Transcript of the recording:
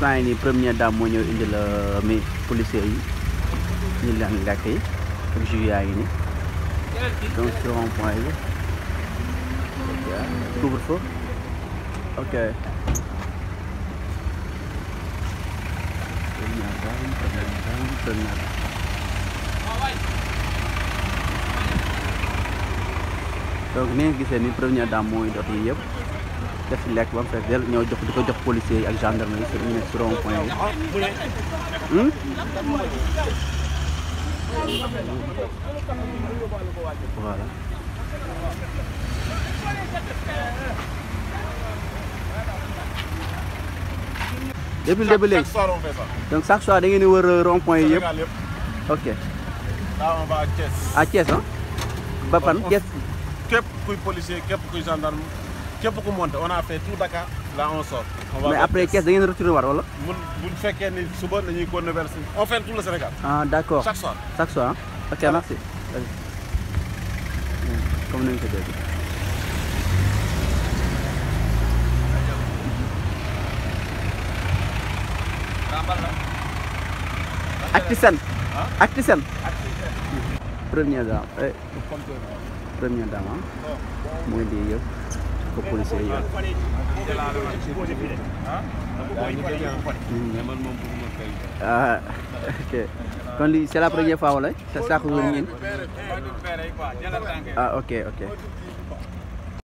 saa yi nii première dame moo ñëw indi mi policier yi ñu leen lekk yi ak jus yaa ngi nii donc ci rond point yi donc ni nga gisee ni première dame mooy dot yi yëpp def si lekk ba mu fees del ñëw jox di ko jox policiers yi ak gendarmerie yi ñu nekk si rond point yi hmm? voilà depuis le début léegi donc chaque soir da ngeen di wër euh, rond point yi yëpp ok à Thiès ah ba fan Thiès képp kuy policier képp kuy gendarme képp ku monte on a fait tout Dakar là on sort. on après kees da ngeen war wala. mun buñ fekkee ni suba nañuy continuer vers on fait tout le Sénégal. ah d' accord chaque soir chaque soir ah. ok merci. comme nañu ko déggee. Acti-Sen. Acti-Sen. Première dame. Eh. Première dame. Mooy lii yëpp. ko policier yi ah ok kon lii c'est la première fois wala sa saako ngeen ah ok ok